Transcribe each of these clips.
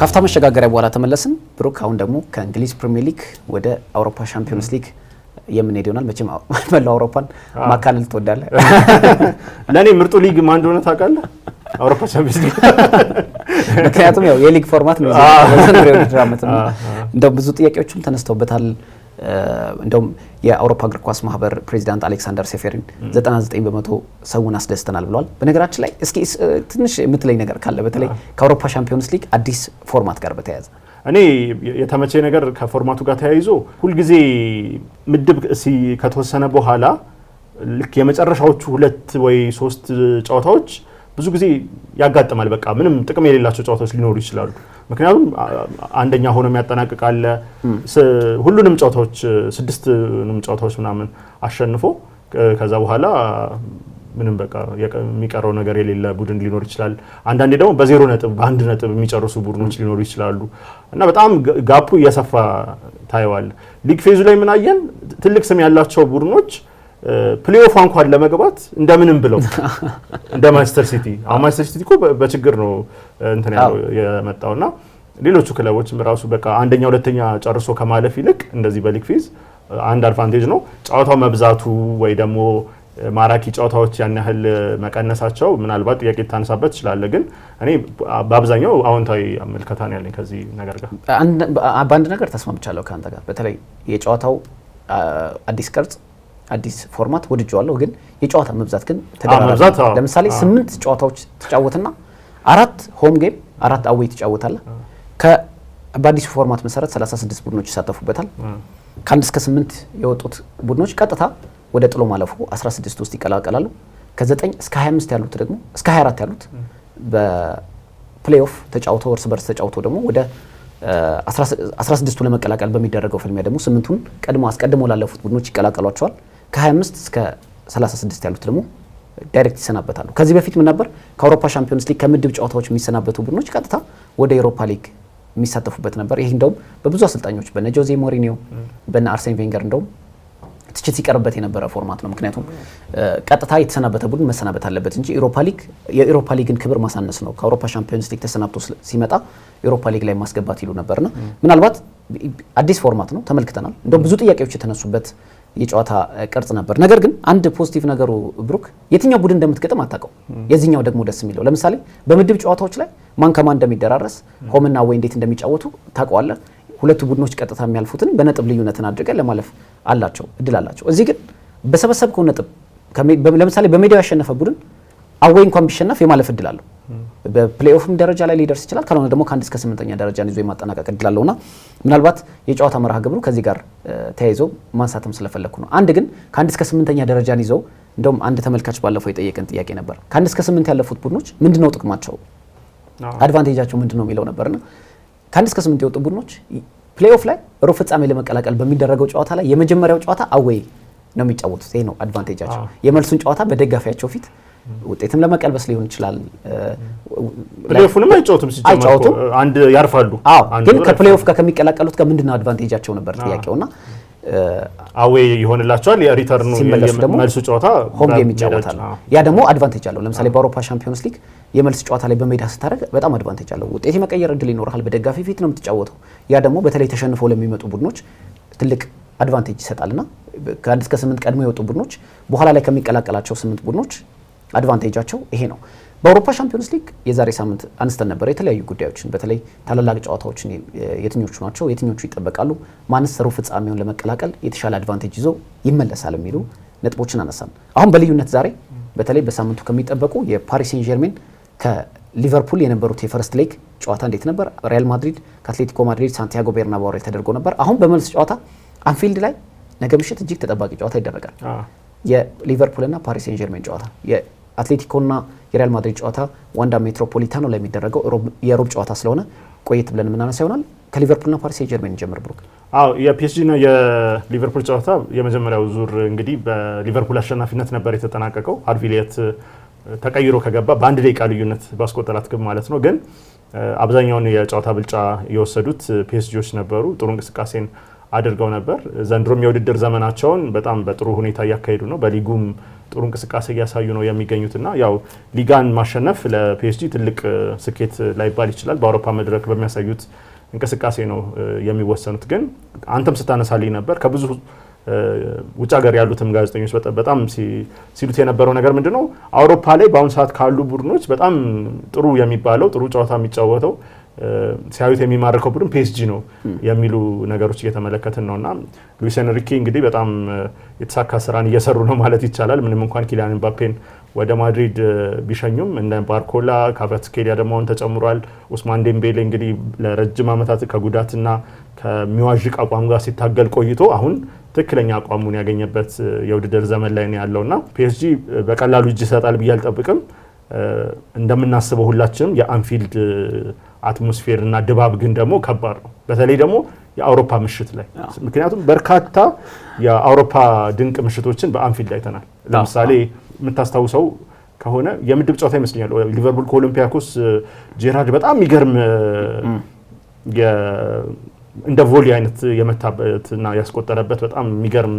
ካፍታ መሸጋገሪያ በኋላ ተመለስን። ብሩክ አሁን ደግሞ ከእንግሊዝ ፕሪሚየር ሊግ ወደ አውሮፓ ሻምፒዮንስ ሊግ የምንሄድ ይሆናል። መቼም መላው አውሮፓን ማካለል ትወዳለህ። ለእኔ ምርጡ ሊግ ማን እንደሆነ ታውቃለህ? አውሮፓ ሻምፒዮንስ ሊግ። ምክንያቱም ያው የሊግ ፎርማት ነው። ብዙ ጥያቄዎችም ተነስተውበታል። እንደውም የአውሮፓ እግር ኳስ ማህበር ፕሬዚዳንት አሌክሳንደር ሴፌሪን 99 በመቶ ሰውን አስደስተናል ብለዋል። በነገራችን ላይ እስኪ ትንሽ የምትለኝ ነገር ካለ በተለይ ከአውሮፓ ሻምፒዮንስ ሊግ አዲስ ፎርማት ጋር በተያያዘ እኔ የተመቼ ነገር ከፎርማቱ ጋር ተያይዞ ሁልጊዜ ምድብ ከተወሰነ በኋላ ልክ የመጨረሻዎቹ ሁለት ወይ ሶስት ጨዋታዎች ብዙ ጊዜ ያጋጥማል። በቃ ምንም ጥቅም የሌላቸው ጨዋታዎች ሊኖሩ ይችላሉ። ምክንያቱም አንደኛ ሆኖ የሚያጠናቅቃለ ሁሉንም ጨዋታዎች ስድስትንም ጨዋታዎች ምናምን አሸንፎ ከዛ በኋላ ምንም በቃ የሚቀረው ነገር የሌለ ቡድን ሊኖር ይችላል። አንዳንዴ ደግሞ በዜሮ ነጥብ በአንድ ነጥብ የሚጨርሱ ቡድኖች ሊኖሩ ይችላሉ እና በጣም ጋፑ እየሰፋ ታየዋል። ሊግ ፌዙ ላይ ምናየን ትልቅ ስም ያላቸው ቡድኖች ፕሌኦፍ እንኳን ለመግባት እንደምንም ብለው እንደ ማንቸስተር ሲቲ አሁን ማንቸስተር ሲቲ በችግር ነው እንትን ያለው የመጣውና ሌሎቹ ክለቦችም ራሱ በቃ አንደኛ ሁለተኛ ጨርሶ ከማለፍ ይልቅ እንደዚህ በሊግ ፊዝ አንድ አድቫንቴጅ ነው ጨዋታው መብዛቱ ወይ ደግሞ ማራኪ ጨዋታዎች ያን ያህል መቀነሳቸው ምናልባት ጥያቄ ታነሳበት ትችላለህ። ግን እኔ በአብዛኛው አዎንታዊ አመልከታ ነው ያለኝ ከዚህ ነገር ጋር። በአንድ ነገር ተስማምቻለሁ ከአንተ ጋር በተለይ የጨዋታው አዲስ ቅርጽ አዲስ ፎርማት ወድጀዋለሁ፣ ግን የጨዋታ መብዛት ግን ተደራራ። ለምሳሌ ስምንት ጨዋታዎች ትጫወትና አራት ሆም ጌም አራት አዌይ ትጫወታለህ። በአዲሱ ፎርማት መሰረት 36 ቡድኖች ይሳተፉበታል። ከአንድ እስከ ስምንት የወጡት ቡድኖች ቀጥታ ወደ ጥሎ ማለፉ 16 ውስጥ ይቀላቀላሉ። ከ9 እስከ 25 ያሉት ደግሞ እስከ 24 ያሉት በፕሌይኦፍ ተጫውተው እርስ በርስ ተጫውተው ደግሞ ወደ 16ቱ ለመቀላቀል በሚደረገው ፍልሚያ ደግሞ ስምንቱን ቀድሞ አስቀድሞ ላለፉት ቡድኖች ይቀላቀሏቸዋል። ከ25 እስከ 36 ያሉት ደግሞ ዳይሬክት ይሰናበታሉ። ከዚህ በፊት ምን ነበር? ከአውሮፓ ሻምፒዮንስ ሊግ ከምድብ ጨዋታዎች የሚሰናበቱ ቡድኖች ቀጥታ ወደ ኤሮፓ ሊግ የሚሳተፉበት ነበር። ይህ እንደውም በብዙ አሰልጣኞች በነ ጆዜ ሞሪኒዮ በነ አርሴን ቬንገር እንደውም ትችት ሲቀርበት የነበረ ፎርማት ነው። ምክንያቱም ቀጥታ የተሰናበተ ቡድን መሰናበት አለበት እንጂ ኤሮፓ ሊግ የኤሮፓ ሊግን ክብር ማሳነስ ነው። ከአውሮፓ ሻምፒዮንስ ሊግ ተሰናብቶ ሲመጣ ኤሮፓ ሊግ ላይ ማስገባት ይሉ ነበርና ምናልባት አዲስ ፎርማት ነው ተመልክተናል። እንደውም ብዙ ጥያቄዎች የተነሱበት የጨዋታ ቅርጽ ነበር። ነገር ግን አንድ ፖዚቲቭ ነገሩ ብሩክ የትኛው ቡድን እንደምትገጥም አታውቀው። የዚህኛው ደግሞ ደስ የሚለው ለምሳሌ በምድብ ጨዋታዎች ላይ ማን ከማን እንደሚደራረስ ሆምና ወይ እንዴት እንደሚጫወቱ ታውቀዋለህ። ሁለቱ ቡድኖች ቀጥታ የሚያልፉትን በነጥብ ልዩነትን አድርገ ለማለፍ አላቸው እድል አላቸው። እዚህ ግን በሰበሰብከው ነጥብ ለምሳሌ በሜዳው ያሸነፈ ቡድን አወይ እንኳን ቢሸነፍ የማለፍ እድል አለው። በፕሌኦፍም ደረጃ ላይ ሊደርስ ይችላል። ካልሆነ ደግሞ ከአንድ እስከ ስምንተኛ ደረጃን ይዞ የማጠናቀቅ እድል አለውና ምናልባት የጨዋታ መርሃ ግብሩ ከዚህ ጋር ተያይዞ ማንሳትም ስለፈለግኩ ነው። አንድ ግን ከአንድ እስከ ስምንተኛ ደረጃን ይዘው እንደውም አንድ ተመልካች ባለፈው የጠየቀን ጥያቄ ነበር። ከአንድ እስከ ስምንት ያለፉት ቡድኖች ምንድነው ጥቅማቸው፣ አድቫንቴጃቸው ነው የሚለው ነበርና ከአንድ እስከ ስምንት የወጡ ቡድኖች ፕሌኦፍ ላይ ሩብ ፍጻሜ ለመቀላቀል በሚደረገው ጨዋታ ላይ የመጀመሪያው ጨዋታ አዌይ ነው የሚጫወቱት። ይሄ ነው አድቫንቴጃቸው። የመልሱን ጨዋታ በደጋፊያቸው ፊት ውጤትም ለመቀልበስ ሊሆን ይችላል። ፕሌኦፍንም አይጫወቱም ሲጫወቱ አንድ ያርፋሉ። አዎ ግን ከፕሌኦፍ ጋር ከሚቀላቀሉት ጋር ምንድነው አድቫንቴጃቸው ነበር ጥያቄውና አዌ ይሆንላቸዋል። የሪተርኑ መልሱ ጨዋታ ሆም ጌም ይጫወታል። ያ ደግሞ አድቫንቴጅ አለው። ለምሳሌ በአውሮፓ ሻምፒዮንስ ሊግ የመልስ ጨዋታ ላይ በሜዳ ስታደርግ በጣም አድቫንቴጅ አለው። ውጤት የመቀየር እድል ይኖርሃል። በደጋፊ ፊት ነው የምትጫወተው። ያ ደግሞ በተለይ ተሸንፈው ለሚመጡ ቡድኖች ትልቅ አድቫንቴጅ ይሰጣልና ከአንድ እስከ ስምንት ቀድሞ የወጡ ቡድኖች በኋላ ላይ ከሚቀላቀላቸው ስምንት ቡድኖች አድቫንቴጃቸው ይሄ ነው። በአውሮፓ ሻምፒዮንስ ሊግ የዛሬ ሳምንት አንስተን ነበር የተለያዩ ጉዳዮችን፣ በተለይ ታላላቅ ጨዋታዎችን የትኞቹ ናቸው፣ የትኞቹ ይጠበቃሉ፣ ማንስ ሩብ ፍጻሜውን ለመቀላቀል የተሻለ አድቫንቴጅ ይዞ ይመለሳል የሚሉ ነጥቦችን አነሳን። አሁን በልዩነት ዛሬ በተለይ በሳምንቱ ከሚጠበቁ የፓሪስ ሴን ጀርሜን ከሊቨርፑል የነበሩት የፈርስት ሌግ ጨዋታ እንዴት ነበር? ሪያል ማድሪድ ከአትሌቲኮ ማድሪድ ሳንቲያጎ ቤርናባው ላይ ተደርጎ ነበር። አሁን በመልስ ጨዋታ አንፊልድ ላይ ነገ ምሽት እጅግ ተጠባቂ ጨዋታ ይደረጋል። የሊቨርፑልና ፓሪስ ሴን ጀርሜን ጨዋታ አትሌቲኮና የሪያል ማድሪድ ጨዋታ ዋንዳ ሜትሮፖሊታኖ ላይ የሚደረገው የሮብ ጨዋታ ስለሆነ ቆየት ብለን የምናነሳ ይሆናል። ከሊቨርፑልና ፓሪስ የጀርመን ጀምር ብሩክ። አዎ የፒኤስጂ ነው የሊቨርፑል ጨዋታ የመጀመሪያው ዙር እንግዲህ በሊቨርፑል አሸናፊነት ነበር የተጠናቀቀው። አርቪሊየት ተቀይሮ ከገባ በአንድ ደቂቃ ልዩነት ባስቆጠራት ግብ ማለት ነው። ግን አብዛኛውን የጨዋታ ብልጫ የወሰዱት ፒኤስጂዎች ነበሩ ጥሩ እንቅስቃሴን አድርገው ነበር። ዘንድሮም የውድድር ዘመናቸውን በጣም በጥሩ ሁኔታ እያካሄዱ ነው። በሊጉም ጥሩ እንቅስቃሴ እያሳዩ ነው የሚገኙትና ያው ሊጋን ማሸነፍ ለፒኤስጂ ትልቅ ስኬት ላይባል ይችላል። በአውሮፓ መድረክ በሚያሳዩት እንቅስቃሴ ነው የሚወሰኑት። ግን አንተም ስታነሳልኝ ነበር ከብዙ ውጭ ሀገር ያሉትም ጋዜጠኞች በጣም ሲሉት የነበረው ነገር ምንድን ነው፣ አውሮፓ ላይ በአሁኑ ሰዓት ካሉ ቡድኖች በጣም ጥሩ የሚባለው ጥሩ ጨዋታ የሚጫወተው ሲያዩት የሚማርከው ቡድን ፒኤስጂ ነው የሚሉ ነገሮች እየተመለከትን ነው እና ሉዊስ ኤንሪኬ እንግዲህ በጣም የተሳካ ስራን እየሰሩ ነው ማለት ይቻላል። ምንም እንኳን ኪሊያን ኤምባፔን ወደ ማድሪድ ቢሸኙም እንደ ባርኮላ ካቫትስኬሊያ ደግሞ አሁን ተጨምሯል። ኡስማን ዴምቤሌ እንግዲህ ለረጅም ዓመታት ከጉዳትና ከሚዋዥቅ አቋም ጋር ሲታገል ቆይቶ አሁን ትክክለኛ አቋሙን ያገኘበት የውድድር ዘመን ላይ ነው ያለውና ፒኤስጂ በቀላሉ እጅ ይሰጣል ብዬ አልጠብቅም። እንደምናስበው ሁላችንም የአንፊልድ አትሞስፌር እና ድባብ ግን ደግሞ ከባድ ነው። በተለይ ደግሞ የአውሮፓ ምሽት ላይ ምክንያቱም በርካታ የአውሮፓ ድንቅ ምሽቶችን በአንፊልድ አይተናል። ለምሳሌ የምታስታውሰው ከሆነ የምድብ ጨዋታ ይመስለኛል ሊቨርፑል ከኦሎምፒያኮስ ጄራርድ በጣም የሚገርም እንደ ቮሊ አይነት የመታበትና ያስቆጠረበት በጣም የሚገርም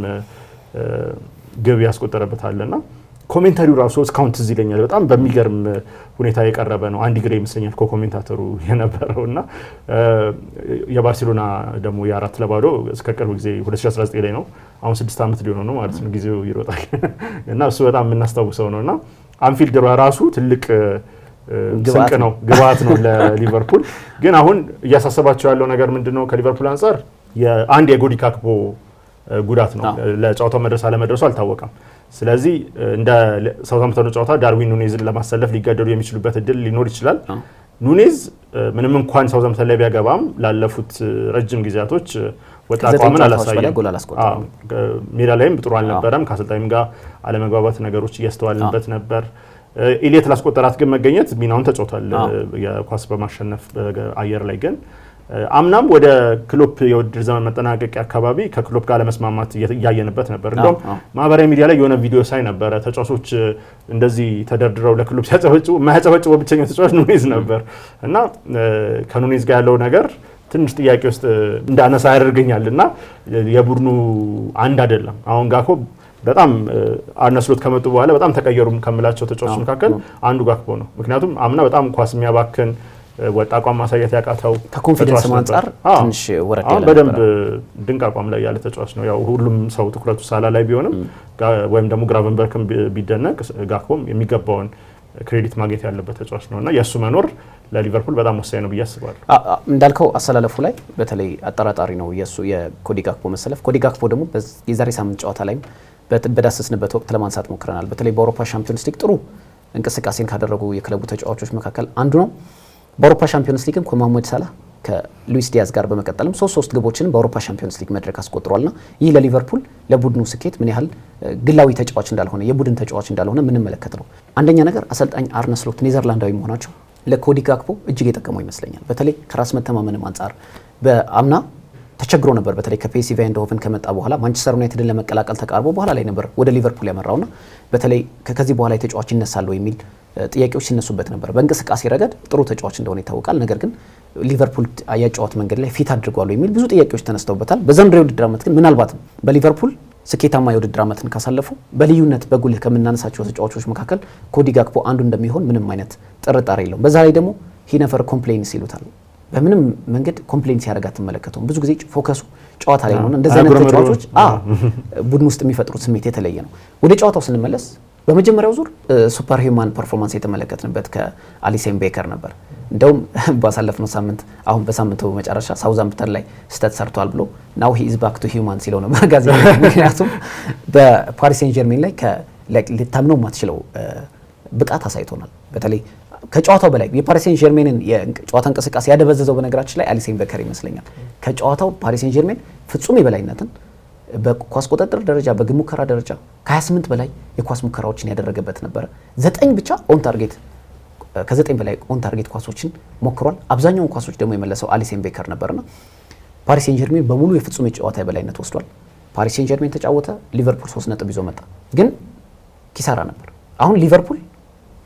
ግብ ያስቆጠረበት አለና ኮሜንታሪው ራሱ እስካሁን ትዝ ይለኛል። በጣም በሚገርም ሁኔታ የቀረበ ነው። አንድ ግሬ ይመስለኛል ኮሜንታተሩ የነበረው እና የባርሴሎና ደግሞ የአራት ለባዶ እስከ ቅርብ ጊዜ 2019 ላይ ነው። አሁን ስድስት ዓመት ሊሆነ ነው ማለት ነው። ጊዜው ይሮጣል እና እሱ በጣም የምናስታውሰው ነው እና አንፊልድ ራሱ ትልቅ ስንቅ ነው፣ ግብአት ነው ለሊቨርፑል። ግን አሁን እያሳሰባቸው ያለው ነገር ምንድን ነው? ከሊቨርፑል አንጻር አንድ የጎዲ ካክፖ ጉዳት ነው። ለጨዋታው መድረስ አለመድረሱ አልታወቀም። ስለዚህ እንደ ሳውዛምፕተኑ ጨዋታ ዳርዊን ኑኔዝን ለማሰለፍ ሊገደዱ የሚችሉበት እድል ሊኖር ይችላል። ኑኔዝ ምንም እንኳን ሳውዛምፕተን ላይ ቢያገባም ላለፉት ረጅም ጊዜያቶች ወጣ አቋምን አላሳየም። ሜዳ ላይም ጥሩ አልነበረም። ከአሰልጣኝም ጋር አለመግባባት ነገሮች እያስተዋልንበት ነበር። ኢሌት ላስቆጠራት ግን መገኘት ሚናውን ተጫውቷል። የኳስ በማሸነፍ አየር ላይ ግን አምናም ወደ ክሎፕ የውድድር ዘመን መጠናቀቂያ አካባቢ ከክሎፕ ጋር ለመስማማት እያየንበት ነበር። እንደውም ማህበራዊ ሚዲያ ላይ የሆነ ቪዲዮ ሳይ ነበረ ተጫዋቾች እንደዚህ ተደርድረው ለክሎፕ ሲያጨበጭቡ ማያጨበጭ ብቸኛው ተጫዋች ኑኔዝ ነበር እና ከኑኔዝ ጋር ያለው ነገር ትንሽ ጥያቄ ውስጥ እንዳነሳ ያደርገኛል እና የቡድኑ አንድ አይደለም አሁን ጋኮ በጣም አርነ ከመጡ በኋላ በጣም ተቀየሩ ከምላቸው ተጫዋቾች መካከል አንዱ ጋክቦ ነው። ምክንያቱም አምና በጣም ኳስ የሚያባክን ወጥ አቋም ማሳየት ያቃተው ከኮንፊደንስ አንጻር ትንሽ ወረድ ያለ በደንብ ድንቅ አቋም ላይ ያለ ተጫዋች ነው። ያው ሁሉም ሰው ትኩረቱ ሳላ ላይ ቢሆንም ወይም ደግሞ ግራቨንበርክም ቢደነቅ ጋክፖም የሚገባውን ክሬዲት ማግኘት ያለበት ተጫዋች ነው እና የእሱ መኖር ለሊቨርፑል በጣም ወሳኝ ነው ብዬ አስባለሁ። እንዳልከው አሰላለፉ ላይ በተለይ አጠራጣሪ ነው የእሱ የኮዲ ጋክፖ መሰለፍ። ኮዲ ጋክፖ ደግሞ የዛሬ ሳምንት ጨዋታ ላይም በዳሰስንበት ወቅት ለማንሳት ሞክረናል። በተለይ በአውሮፓ ሻምፒዮንስ ሊግ ጥሩ እንቅስቃሴን ካደረጉ የክለቡ ተጫዋቾች መካከል አንዱ ነው። በአውሮፓ ሻምፒዮንስ ሊግም ከማሞድ ሳላ ከሉዊስ ዲያዝ ጋር በመቀጠልም ሶስት ሶስት ግቦችን በአውሮፓ ሻምፒዮንስ ሊግ መድረክ አስቆጥሯልና ይህ ለሊቨርፑል ለቡድኑ ስኬት ምን ያህል ግላዊ ተጫዋች እንዳልሆነ የቡድን ተጫዋች እንዳልሆነ የምንመለከት ነው። አንደኛ ነገር አሰልጣኝ አርነ ስሎት ኔዘርላንዳዊ መሆናቸው ለኮዲ ጋክፖ እጅግ የጠቀመው ይመስለኛል። በተለይ ከራስ መተማመንም አንጻር በአምና ተቸግሮ ነበር። በተለይ ከፒኤስቪ አይንድሆቨን ከመጣ በኋላ ማንቸስተር ዩናይትድን ለመቀላቀል ተቃርቦ በኋላ ላይ ነበር ወደ ሊቨርፑል ያመራውና በተለይ ከዚህ በኋላ የተጫዋች ይነሳለሁ የሚል ጥያቄዎች ሲነሱበት ነበር። በእንቅስቃሴ ረገድ ጥሩ ተጫዋች እንደሆነ ይታወቃል። ነገር ግን ሊቨርፑል ያጫወት መንገድ ላይ ፊት አድርጓሉ የሚል ብዙ ጥያቄዎች ተነስተውበታል። በዘንድሮ የውድድር ዓመት ግን ምናልባት በሊቨርፑል ስኬታማ የውድድር ዓመትን ካሳለፉ በልዩነት በጉልህ ከምናነሳቸው ተጫዋቾች መካከል ኮዲ ጋክፖ አንዱ እንደሚሆን ምንም አይነት ጥርጣሬ የለውም። በዛ ላይ ደግሞ ሂነፈር ኮምፕሌንስ ይሉታል። በምንም መንገድ ኮምፕሌንስ ሲያደርግ አትመለከተውም። ብዙ ጊዜ ፎከሱ ጨዋታ ላይ ሆነ እንደዚህ አይነት ተጫዋቾች ቡድን ውስጥ የሚፈጥሩት ስሜት የተለየ ነው። ወደ ጨዋታው ስንመለስ በመጀመሪያው ዙር ሱፐር ሂውማን ፐርፎርማንስ የተመለከትንበት ከአሊሴን ቤከር ነበር። እንደውም ባሳለፍነው ሳምንት አሁን በሳምንቱ መጨረሻ ሳውዛምፕተን ላይ ስህተት ሰርቷል ብሎ ናው ሂ ኢዝ ባክ ቱ ሂውማን ሲለው ነበር ጋዜጣ። ምክንያቱም በፓሪስ ሴን ጀርሜን ላይ ልታምነው ማትችለው ብቃት አሳይቶናል። በተለይ ከጨዋታው በላይ የፓሪሴን ጀርሜንን የጨዋታ እንቅስቃሴ ያደበዘዘው በነገራችን ላይ አሊሴን ቤከር ይመስለኛል። ከጨዋታው ፓሪስ ጀርሜን ፍጹም የበላይነትን በኳስ ቁጥጥር ደረጃ በግብ ሙከራ ደረጃ ከ28 በላይ የኳስ ሙከራዎችን ያደረገበት ነበረ። ዘጠኝ ብቻ ኦን ታርጌት ከዘጠኝ በላይ ኦን ታርጌት ኳሶችን ሞክሯል። አብዛኛውን ኳሶች ደግሞ የመለሰው አሊሴን ቤከር ነበርና ፓሪስ ሴን ጀርሜን በሙሉ የፍጹም የጨዋታ የበላይነት ወስዷል። ፓሪስ ሴን ጀርሜን ተጫወተ፣ ሊቨርፑል ሶስት ነጥብ ይዞ መጣ። ግን ኪሳራ ነበር። አሁን ሊቨርፑል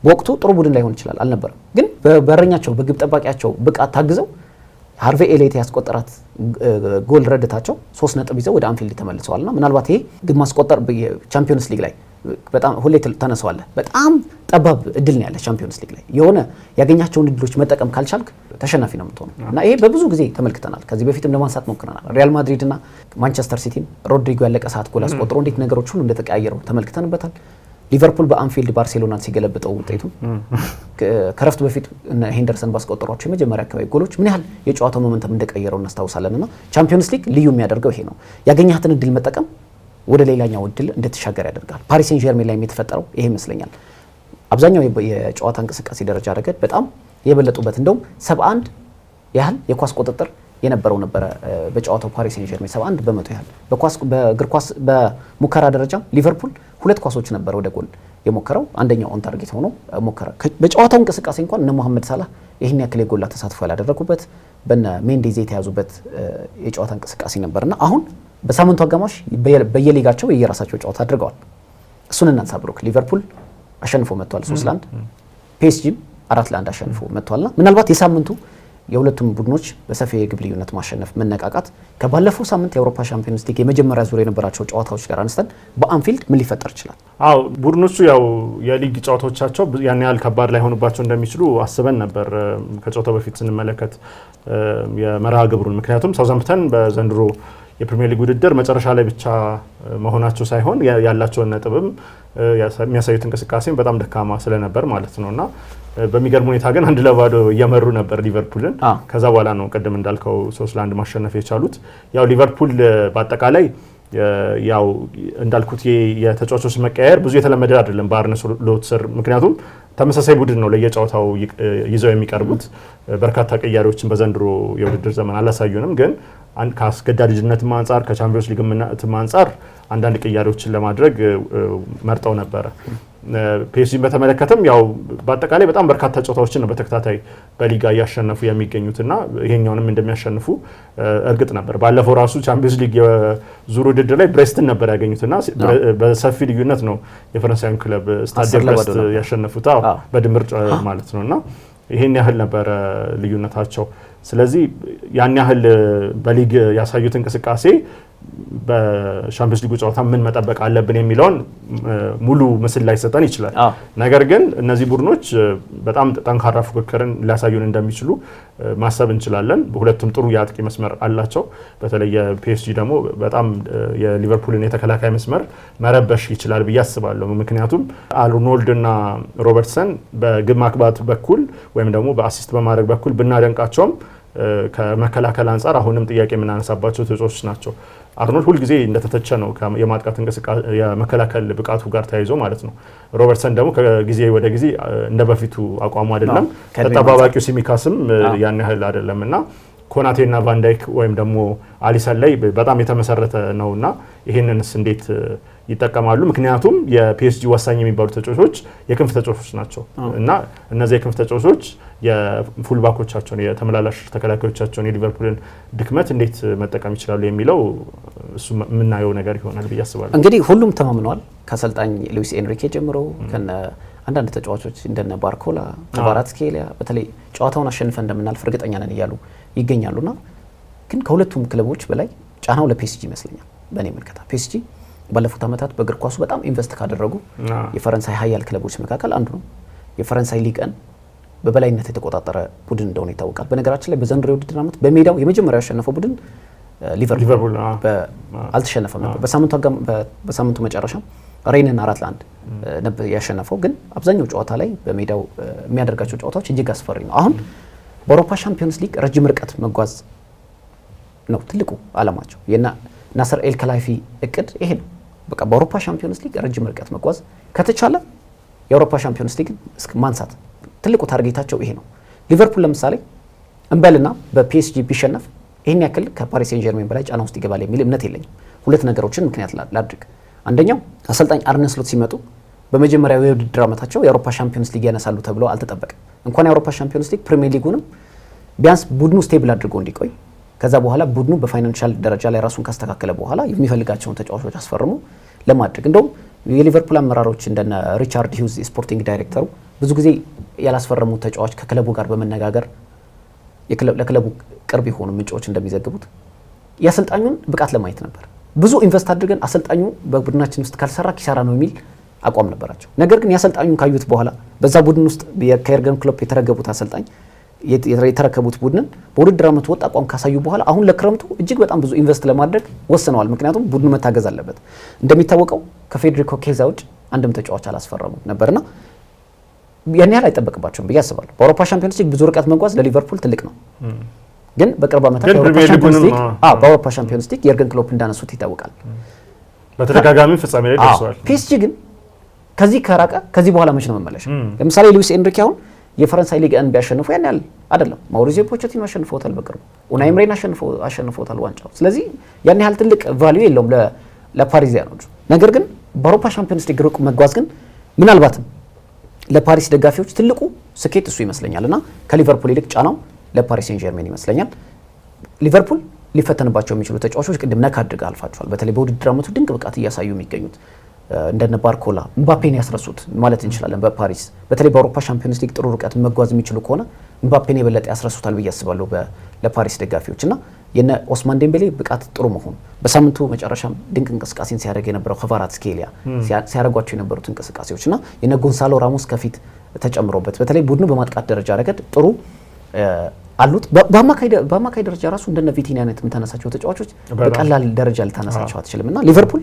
በወቅቱ ጥሩ ቡድን ላይሆን ይችላል አልነበረም፣ ግን በበረኛቸው በግብ ጠባቂያቸው ብቃት ታግዘው ሀርቬ ኤሌት ያስቆጠራት ጎል ረድታቸው ሶስት ነጥብ ይዘው ወደ አንፊልድ ተመልሰዋልና ምናልባት ይሄ ግብ ማስቆጠር ቻምፒዮንስ ሊግ ላይ በጣም ሁሌ ተነሰዋለ በጣም ጠባብ እድል ነው ያለ ቻምፒዮንስ ሊግ ላይ የሆነ ያገኛቸውን እድሎች መጠቀም ካልቻልክ ተሸናፊ ነው የምትሆነው እና ይሄ በብዙ ጊዜ ተመልክተናል። ከዚህ በፊትም ለማንሳት ሞክረናል። ሪያል ማድሪድ እና ማንቸስተር ሲቲም ሮድሪጎ ያለቀ ሰዓት ጎል አስቆጥሮ እንዴት ነገሮች ሁሉ እንደተቀያየረው ተመልክተንበታል። ሊቨርፑል በአንፊልድ ባርሴሎናን ሲገለብጠው ውጤቱ ከረፍት በፊት ሄንደርሰን ባስቆጠሯቸው የመጀመሪያ አካባቢ ጎሎች ምን ያህል የጨዋታው ሞመንተም እንደቀየረው እናስታውሳለን። እና ቻምፒዮንስ ሊግ ልዩ የሚያደርገው ይሄ ነው። ያገኘሃትን እድል መጠቀም ወደ ሌላኛው እድል እንድትሻገር ያደርጋል። ፓሪስ ሴን ላይ የተፈጠረው ይሄ ይመስለኛል። አብዛኛው የጨዋታ እንቅስቃሴ ደረጃ ረገድ በጣም የበለጡበት እንደውም 71 ያህል የኳስ ቁጥጥር የነበረው ነበረ። በጨዋታው ፓሪስ ሴን ጀርሜን 71 በመቶ ያህል በኳስ በእግር ኳስ በሙከራ ደረጃ ሊቨርፑል ሁለት ኳሶች ነበረ ወደ ጎል የሞከረው አንደኛው ኦን ታርጌት ሆኖ ሞከረ። በጨዋታው እንቅስቃሴ እንኳን እነ መሐመድ ሳላህ ይህን ያክል የጎላ ተሳትፎ ያላደረጉበት በነ ሜንዴዝ የተያዙበት የጨዋታ እንቅስቃሴ ነበርና አሁን በሳምንቱ አጋማሽ በየሊጋቸው የየራሳቸው ጨዋታ አድርገዋል። እሱን እናንሳ ብሩክ። ሊቨርፑል አሸንፎ መጥቷል ሶስት ለአንድ ፔስጂም አራት ለአንድ አሸንፎ መጥቷልና ምናልባት የሳምንቱ የሁለቱም ቡድኖች በሰፊ የግብ ልዩነት ማሸነፍ መነቃቃት ከባለፈው ሳምንት የአውሮፓ ሻምፒዮንስ ሊግ የመጀመሪያ ዙር የነበራቸው ጨዋታዎች ጋር አንስተን በአንፊልድ ምን ሊፈጠር ይችላል? አዎ ቡድኖቹ ያው የሊግ ጨዋታዎቻቸው ያን ያህል ከባድ ላይሆኑባቸው እንደሚችሉ አስበን ነበር ከጨዋታው በፊት ስንመለከት የመርሃ ግብሩን። ምክንያቱም ሳውዛምፕተን በዘንድሮ የፕሪሚየር ሊግ ውድድር መጨረሻ ላይ ብቻ መሆናቸው ሳይሆን ያላቸውን ነጥብም የሚያሳዩት እንቅስቃሴም በጣም ደካማ ስለነበር ማለት ነው እና በሚገርም ሁኔታ ግን አንድ ለባዶ እየመሩ ነበር ሊቨርፑልን። ከዛ በኋላ ነው ቅድም እንዳልከው ሶስት ለአንድ ማሸነፍ የቻሉት። ያው ሊቨርፑል በአጠቃላይ ያው እንዳልኩት የተጫዋቾች መቀያየር ብዙ የተለመደ አይደለም በአርነ ስሎት ስር፣ ምክንያቱም ተመሳሳይ ቡድን ነው ለየጨዋታው ይዘው የሚቀርቡት። በርካታ ቅያሬዎችን በዘንድሮ የውድድር ዘመን አላሳዩንም፣ ግን ከአስገዳጅነትም አንጻር ከቻምፒዮንስ ሊግም አንጻር አንዳንድ ቅያሬዎችን ለማድረግ መርጠው ነበረ። ፒኤስጂን በተመለከተም ያው በአጠቃላይ በጣም በርካታ ጨዋታዎችን ነው በተከታታይ በሊጋ እያሸነፉ የሚገኙትና ይሄኛውንም እንደሚያሸንፉ እርግጥ ነበር። ባለፈው ራሱ ቻምፒዮንስ ሊግ የዙር ውድድር ላይ ብሬስትን ነበር ያገኙትና በሰፊ ልዩነት ነው የፈረንሳዩን ክለብ ስታድ ብሬስት ያሸነፉት በድምር ማለት ነው እና ይሄን ያህል ነበረ ልዩነታቸው። ስለዚህ ያን ያህል በሊግ ያሳዩት እንቅስቃሴ በሻምፒዮንስ ሊጉ ጨዋታ ምን መጠበቅ አለብን የሚለውን ሙሉ ምስል ላይ ሰጠን ይችላል። ነገር ግን እነዚህ ቡድኖች በጣም ጠንካራ ፉክክርን ሊያሳዩን እንደሚችሉ ማሰብ እንችላለን። ሁለቱም ጥሩ የአጥቂ መስመር አላቸው። በተለይ የፒኤስጂ ደግሞ በጣም የሊቨርፑልን የተከላካይ መስመር መረበሽ ይችላል ብዬ አስባለሁ። ምክንያቱም አርኖልድ እና ሮበርትሰን በግብ ማግባት በኩል ወይም ደግሞ በአሲስት በማድረግ በኩል ብናደንቃቸውም ከመከላከል አንጻር አሁንም ጥያቄ የምናነሳባቸው ተጫዋቾች ናቸው። አርኖልድ ሁልጊዜ እንደተተቸ ነው የማጥቃት እንቅስቃሴ የመከላከል ብቃቱ ጋር ተያይዞ ማለት ነው። ሮበርትሰን ደግሞ ከጊዜ ወደ ጊዜ እንደ በፊቱ አቋሙ አይደለም። ተጠባባቂው ሲሚካስም ያን ያህል አይደለም እና ኮናቴና ቫንዳይክ ወይም ደግሞ አሊሰን ላይ በጣም የተመሰረተ ነውና ይህንንስ እንዴት ይጠቀማሉ። ምክንያቱም የፒኤስጂ ወሳኝ የሚባሉ ተጫዋቾች የክንፍ ተጫዋቾች ናቸው እና እነዚህ የክንፍ ተጫዋቾች የፉልባኮቻቸውን የተመላላሽ ተከላካዮቻቸውን የሊቨርፑልን ድክመት እንዴት መጠቀም ይችላሉ የሚለው እሱ የምናየው ነገር ይሆናል ብዬ አስባለሁ። እንግዲህ ሁሉም ተማምነዋል ከአሰልጣኝ ሉዊስ ኤንሪኬ ጀምሮ ከነ አንዳንድ ተጫዋቾች እንደነ ባርኮላ ክቫራትስኬሊያ በተለይ ጨዋታውን አሸንፈ እንደምናልፍ እርግጠኛ ነን እያሉ ይገኛሉና ግን ከሁለቱም ክለቦች በላይ ጫናው ለፒኤስጂ ይመስለኛል በእኔ ምልከታ ፒኤስጂ ባለፉት ዓመታት በእግር ኳሱ በጣም ኢንቨስት ካደረጉ የፈረንሳይ ሀያል ክለቦች መካከል አንዱ ነው። የፈረንሳይ ሊቀን በበላይነት የተቆጣጠረ ቡድን እንደሆነ ይታወቃል። በነገራችን ላይ በዘንድሮ የውድድር ዓመት በሜዳው የመጀመሪያ ያሸነፈው ቡድን ሊቨርፑል አልተሸነፈም ነበር። በሳምንቱ መጨረሻ ሬንን አራት ለአንድ ነበር ያሸነፈው። ግን አብዛኛው ጨዋታ ላይ በሜዳው የሚያደርጋቸው ጨዋታዎች እጅግ አስፈሪ ነው። አሁን በአውሮፓ ሻምፒዮንስ ሊግ ረጅም ርቀት መጓዝ ነው ትልቁ ዓላማቸው ናስር ኤል ከላይፊ እቅድ ይሄ ነው። በቃ በአውሮፓ ሻምፒዮንስ ሊግ ረጅም ርቀት መጓዝ ከተቻለ የአውሮፓ ሻምፒዮንስ ሊግ ማንሳት ትልቁ ታርጌታቸው ይሄ ነው። ሊቨርፑል ለምሳሌ እንበልና በፒኤስጂ ቢሸነፍ ይህን ያክል ከፓሪስ ሴን ጀርሜን በላይ ጫና ውስጥ ይገባል የሚል እምነት የለኝም። ሁለት ነገሮችን ምክንያት ላድርግ። አንደኛው አሰልጣኝ አርነ ስሎት ሲመጡ በመጀመሪያ የውድድር ዓመታቸው የአውሮፓ ሻምፒዮንስ ሊግ ያነሳሉ ተብሎ አልተጠበቀም። እንኳን የአውሮፓ ሻምፒዮንስ ሊግ ፕሪሚየር ሊጉንም ቢያንስ ቡድኑ ስቴብል አድርጎ እንዲቆይ ከዛ በኋላ ቡድኑ በፋይናንሻል ደረጃ ላይ ራሱን ካስተካከለ በኋላ የሚፈልጋቸውን ተጫዋቾች አስፈርሞ ለማድረግ እንደውም የሊቨርፑል አመራሮች እንደነ ሪቻርድ ሂውዝ ስፖርቲንግ ዳይሬክተሩ ብዙ ጊዜ ያላስፈረሙት ተጫዋች ከክለቡ ጋር በመነጋገር ለክለቡ ቅርብ የሆኑ ምንጮች እንደሚዘግቡት የአሰልጣኙን ብቃት ለማየት ነበር። ብዙ ኢንቨስት አድርገን አሰልጣኙ በቡድናችን ውስጥ ካልሰራ ኪሳራ ነው የሚል አቋም ነበራቸው። ነገር ግን የአሰልጣኙን ካዩት በኋላ በዛ ቡድን ውስጥ ከኤርገን ክሎፕ የተረገቡት አሰልጣኝ የተረከቡት ቡድንን በውድድር ዓመቱ ወጥ አቋም ካሳዩ በኋላ አሁን ለክረምቱ እጅግ በጣም ብዙ ኢንቨስት ለማድረግ ወስነዋል። ምክንያቱም ቡድኑ መታገዝ አለበት። እንደሚታወቀው ከፌዴሪኮ ኬዛ ውጭ አንድም ተጫዋች አላስፈረሙ ነበርና ያን ያህል አይጠበቅባቸውም ብዬ አስባለሁ። በአውሮፓ ሻምፒዮንስ ሊግ ብዙ ርቀት መጓዝ ለሊቨርፑል ትልቅ ነው፣ ግን በቅርብ ዓመታት በአውሮፓ ሻምፒዮንስ ሊግ የርገን ክሎፕ እንዳነሱት ይታወቃል። በተደጋጋሚ ፍጻሜ ላይ ደርሰዋል። ፒኤስጂ ግን ከዚህ ከራቀ ከዚህ በኋላ መች ነው መመለሻ? ለምሳሌ ሉዊስ ኤንሪኬ አሁን የፈረንሳይ ሊግ ቢያሸንፉ ያን ያህል አይደለም። ማውሪዚዮ ፖቼቲኖ አሸንፎታል፣ በቅርቡ ኡናይ ምሬን አሸንፎታል ዋንጫው። ስለዚህ ያን ያህል ትልቅ ቫሊዩ የለውም ለፓሪዚያኖች። ነገር ግን በአውሮፓ ሻምፒዮንስ ሊግ ሩቅ መጓዝ ግን ምናልባትም ለፓሪስ ደጋፊዎች ትልቁ ስኬት እሱ ይመስለኛል እና ከሊቨርፑል ይልቅ ጫናው ለፓሪስ ሴን ጀርሜን ይመስለኛል። ሊቨርፑል ሊፈተንባቸው የሚችሉ ተጫዋቾች ቅድም ነካ አድርገህ አልፋቸዋል። በተለይ በውድድር ድንቅ ብቃት እያሳዩ የሚገኙት እንደነ ባርኮላ ምባፔን ያስረሱት ማለት እንችላለን። በፓሪስ በተለይ በአውሮፓ ሻምፒዮንስ ሊግ ጥሩ ርቀት መጓዝ የሚችሉ ከሆነ ምባፔን የበለጠ ያስረሱታል ብዬ አስባለሁ ለፓሪስ ደጋፊዎች እና የነ ኦስማን ዴምቤሌ ብቃት ጥሩ መሆኑ በሳምንቱ መጨረሻም ድንቅ እንቅስቃሴን ሲያደርግ የነበረው ከቫራት ስኬሊያ ሲያደርጓቸው የነበሩት እንቅስቃሴዎች እና የነ ጎንሳሎ ራሞስ ከፊት ተጨምሮበት በተለይ ቡድኑ በማጥቃት ደረጃ ረገድ ጥሩ አሉት። በአማካይ ደረጃ ራሱ እንደነ ቪቲኒ አይነት የምታነሳቸው ተጫዋቾች በቀላል ደረጃ ልታነሳቸው አትችልም እና ሊቨርፑል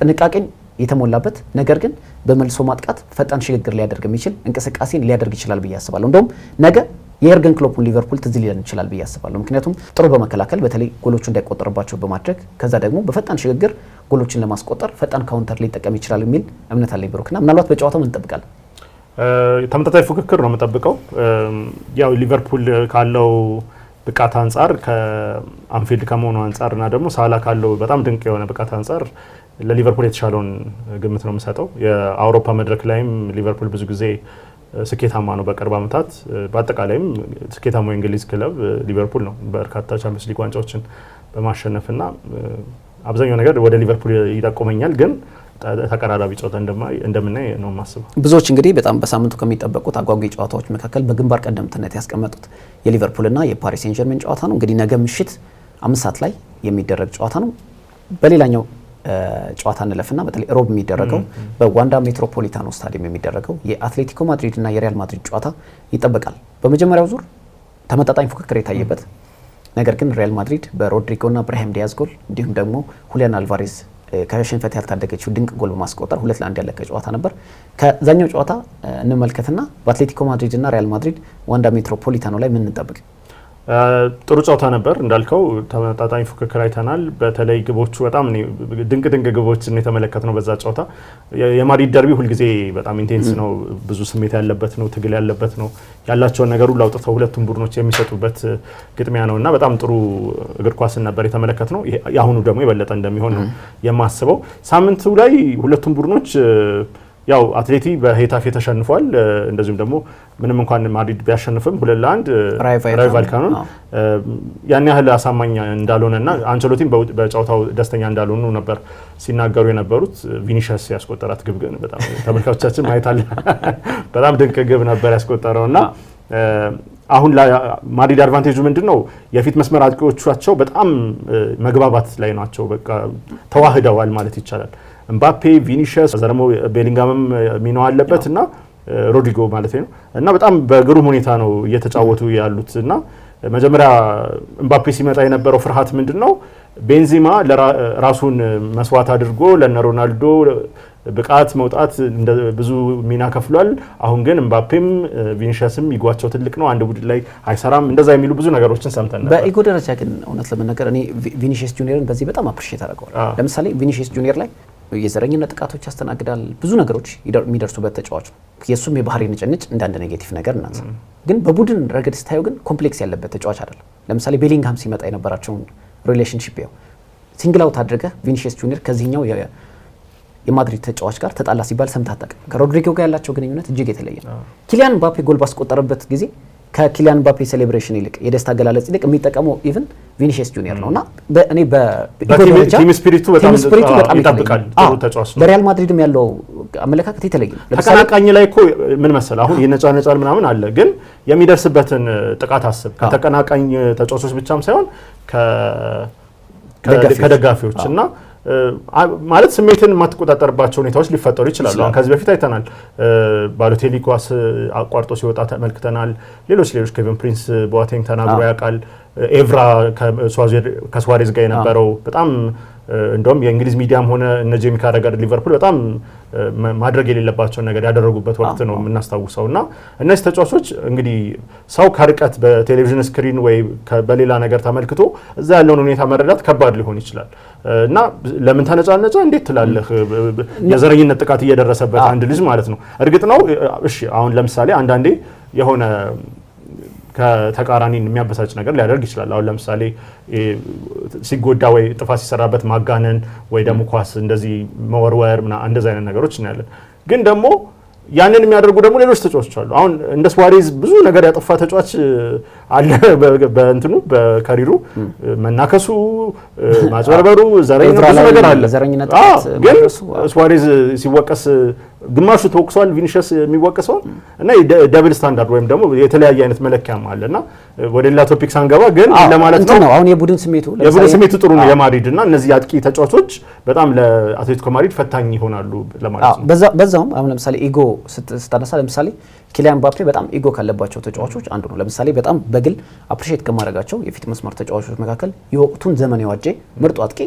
ጥንቃቄን የተሞላበት ነገር ግን በመልሶ ማጥቃት ፈጣን ሽግግር ሊያደርግ የሚችል እንቅስቃሴን ሊያደርግ ይችላል ብዬ አስባለሁ። እንደውም ነገ የኤርገን ክሎፑን ሊቨርፑል ትዝ ሊለን ይችላል ብዬ አስባለሁ። ምክንያቱም ጥሩ በመከላከል በተለይ ጎሎቹ እንዳይቆጠርባቸው በማድረግ ከዛ ደግሞ በፈጣን ሽግግር ጎሎችን ለማስቆጠር ፈጣን ካውንተር ሊጠቀም ይችላል የሚል እምነት አለኝ ብሩክና ምናልባት በጨዋታው ምን እንጠብቃለን? ተመጣጣኝ ፉክክር ነው የምጠብቀው። ያው ሊቨርፑል ካለው ብቃት አንጻር ከአንፊልድ ከመሆኑ አንጻር እና ደግሞ ሳላ ካለው በጣም ድንቅ የሆነ ብቃት አንጻር ለሊቨርፑል የተሻለውን ግምት ነው የምሰጠው። የአውሮፓ መድረክ ላይም ሊቨርፑል ብዙ ጊዜ ስኬታማ ነው። በቅርብ ዓመታት በአጠቃላይም ስኬታማ የእንግሊዝ ክለብ ሊቨርፑል ነው። በርካታ ቻምፒዮንስ ሊግ ዋንጫዎችን በማሸነፍ ና አብዛኛው ነገር ወደ ሊቨርፑል ይጠቁመኛል ግን ተቀራራቢ ጨዋታ እንደምናይ ነው የማስበው። ብዙዎች እንግዲህ በጣም በሳምንቱ ከሚጠበቁት አጓጊ ጨዋታዎች መካከል በግንባር ቀደምትነት ያስቀመጡት የሊቨርፑልና የፓሪስ ሴንጀርሜን ጨዋታ ነው። እንግዲህ ነገ ምሽት አምስት ሰዓት ላይ የሚደረግ ጨዋታ ነው። በሌላኛው ጨዋታ እንለፍና በተለይ ሮብ የሚደረገው በዋንዳ ሜትሮፖሊታኖ ስታዲየም የሚደረገው የአትሌቲኮ ማድሪድ እና የሪያል ማድሪድ ጨዋታ ይጠበቃል። በመጀመሪያው ዙር ተመጣጣኝ ፉክክር የታየበት ነገር ግን ሪያል ማድሪድ በሮድሪጎ እና ብራሂም ዲያዝ ጎል እንዲሁም ደግሞ ሁሊያን አልቫሬዝ ከሽንፈት ያልታደገችው ድንቅ ጎል በማስቆጠር ሁለት ለአንድ ያለቀ ጨዋታ ነበር። ከዛኛው ጨዋታ እንመልከትና በአትሌቲኮ ማድሪድ እና ሪያል ማድሪድ ዋንዳ ሜትሮፖሊታኖ ላይ ምን እንጠብቅ? ጥሩ ጨዋታ ነበር እንዳልከው፣ ተመጣጣኝ ፉክክር አይተናል። በተለይ ግቦቹ በጣም ድንቅ ድንቅ ግቦች የተመለከት ነው በዛ ጨዋታ። የማድሪድ ደርቢ ሁልጊዜ በጣም ኢንቴንስ ነው፣ ብዙ ስሜት ያለበት ነው፣ ትግል ያለበት ነው። ያላቸውን ነገር ሁሉ አውጥተው ሁለቱም ቡድኖች የሚሰጡበት ግጥሚያ ነው እና በጣም ጥሩ እግር ኳስን ነበር የተመለከት ነው። የአሁኑ ደግሞ የበለጠ እንደሚሆን ነው የማስበው። ሳምንቱ ላይ ሁለቱም ቡድኖች ያው አትሌቲ በሄታፌ ተሸንፏል። እንደዚሁም ደግሞ ምንም እንኳን ማድሪድ ቢያሸንፍም ሁለት ለአንድ ራይቫል ካኑን ያን ያህል አሳማኝ እንዳልሆነ እና አንቸሎቲም በጨዋታው ደስተኛ እንዳልሆኑ ነበር ሲናገሩ የነበሩት። ቪኒሽስ ያስቆጠራት ግብ ግን በጣም ተመልካቾቻችን ማየት በጣም ድንቅ ግብ ነበር ያስቆጠረው እና አሁን ማድሪድ አድቫንቴጁ ምንድን ነው? የፊት መስመር አጥቂዎቻቸው በጣም መግባባት ላይ ናቸው። በቃ ተዋህደዋል ማለት ይቻላል። እምባፔ፣ ቪኒሽስ ዘረሞ ቤሊንጋምም ሚናው አለበት እና ሮድሪጎ ማለት ነው እና በጣም በግሩም ሁኔታ ነው እየተጫወቱ ያሉት እና መጀመሪያ እምባፔ ሲመጣ የነበረው ፍርሃት ምንድን ነው? ቤንዚማ ራሱን መስዋዕት አድርጎ ለነ ሮናልዶ ብቃት መውጣት ብዙ ሚና ከፍሏል። አሁን ግን እምባፔም ቪኒሽስም ይጓቸው ትልቅ ነው፣ አንድ ቡድን ላይ አይሰራም፣ እንደዛ የሚሉ ብዙ ነገሮችን ሰምተን ነበር። በኢጎ ደረጃ ግን እውነት ለመናገር እኔ ቪኒሽስ ጁኒየርን በዚህ በጣም አፕሪሼት አደርገዋል። ለምሳሌ ቪኒሽስ ጁኒየር ላይ የዘረኝነት ጥቃቶች ያስተናግዳል። ብዙ ነገሮች የሚደርሱበት ተጫዋች ነው። የእሱም የባህሪ ንጭንጭ እንደ አንድ ኔጌቲቭ ነገር እናንሳ። ግን በቡድን ረገድ ስታዩ ግን ኮምፕሌክስ ያለበት ተጫዋች አይደለም። ለምሳሌ ቤሊንግሃም ሲመጣ የነበራቸውን ሪሌሽንሽፕ ያው ሲንግል አውት አድርገ ቪኒሽስ ጁኒየር ከዚህኛው የማድሪድ ተጫዋች ጋር ተጣላ ሲባል ሰምተህ አታውቅም። ከሮድሪጎ ጋር ያላቸው ግንኙነት እጅግ የተለየ ነው። ኪሊያን ባፔ ጎል ባስቆጠረበት ጊዜ ከኪሊያን ባፔ ሴሌብሬሽን ይልቅ የደስታ አገላለጽ ይልቅ የሚጠቀመው ኢቭን ቪኒሽስ ጁኒየር ነው እና እኔ በቲም ስፒሪቱ በጣም ይጠብቃል። በሪያል ማድሪድም ያለው አመለካከት የተለየ ነው። ተቀናቃኝ ላይ እኮ ምን መሰል አሁን ይነጫነጫል ምናምን አለ፣ ግን የሚደርስበትን ጥቃት አስብ። ከተቀናቃኝ ተጫዋቾች ብቻም ሳይሆን ከደጋፊዎች እና ማለት ስሜትን የማትቆጣጠርባቸው ሁኔታዎች ሊፈጠሩ ይችላሉ። አሁን ከዚህ በፊት አይተናል። ባሎቴሊ ኳስ አቋርጦ ሲወጣ ተመልክተናል። ሌሎች ሌሎች ኬቨን ፕሪንስ ቦቴንግ ተናግሮ ያውቃል። ኤቭራ ከሱዋሬዝ ጋር የነበረው በጣም እንደውም የእንግሊዝ ሚዲያም ሆነ እነ ጄሚ ካራጋር ሊቨርፑል በጣም ማድረግ የሌለባቸውን ነገር ያደረጉበት ወቅት ነው የምናስታውሰው። እና እነዚህ ተጫዋቾች እንግዲህ ሰው ከርቀት በቴሌቪዥን ስክሪን ወይ በሌላ ነገር ተመልክቶ እዛ ያለውን ሁኔታ መረዳት ከባድ ሊሆን ይችላል እና ለምን ተነጫነጨ እንዴት ትላለህ? የዘረኝነት ጥቃት እየደረሰበት አንድ ልጅ ማለት ነው። እርግጥ ነው እሺ፣ አሁን ለምሳሌ አንዳንዴ የሆነ ከተቃራኒ የሚያበሳጭ ነገር ሊያደርግ ይችላል። አሁን ለምሳሌ ሲጎዳ ወይ ጥፋት ሲሰራበት ማጋነን ወይ ደግሞ ኳስ እንደዚህ መወርወር ምናምን እንደዚ አይነት ነገሮች እናያለን። ግን ደግሞ ያንን የሚያደርጉ ደግሞ ሌሎች ተጫዋቾች አሉ። አሁን እንደ ስዋሬዝ ብዙ ነገር ያጠፋ ተጫዋች አለ። በእንትኑ በከሪሩ መናከሱ፣ ማጭበርበሩ፣ ዘረኝነት ብዙ ነገር አለ። ግን ስዋሬዝ ሲወቀስ ግማሹ ተወቅሷል፣ ቪኒሸስ የሚወቅሰዋል እና ደብል ስታንዳርድ ወይም ደግሞ የተለያየ አይነት መለኪያም አለ እና ወደ ሌላ ቶፒክ ሳንገባ ግን ለማለት ነው። አሁን የቡድን ስሜቱ የቡድን ስሜቱ ጥሩ ነው የማድሪድ እና እነዚህ አጥቂ ተጫዋቾች በጣም ለአትሌቲኮ ማድሪድ ፈታኝ ይሆናሉ ለማለት ነው። በዛውም አሁን ለምሳሌ ኢጎ ስታነሳ ለምሳሌ ኪሊያን ባፕቴ በጣም ኢጎ ካለባቸው ተጫዋቾች አንዱ ነው። ለምሳሌ በጣም በግል አፕሪሼት ከማድረጋቸው የፊት መስመር ተጫዋቾች መካከል የወቅቱን ዘመን የዋጀ ምርጡ አጥቂ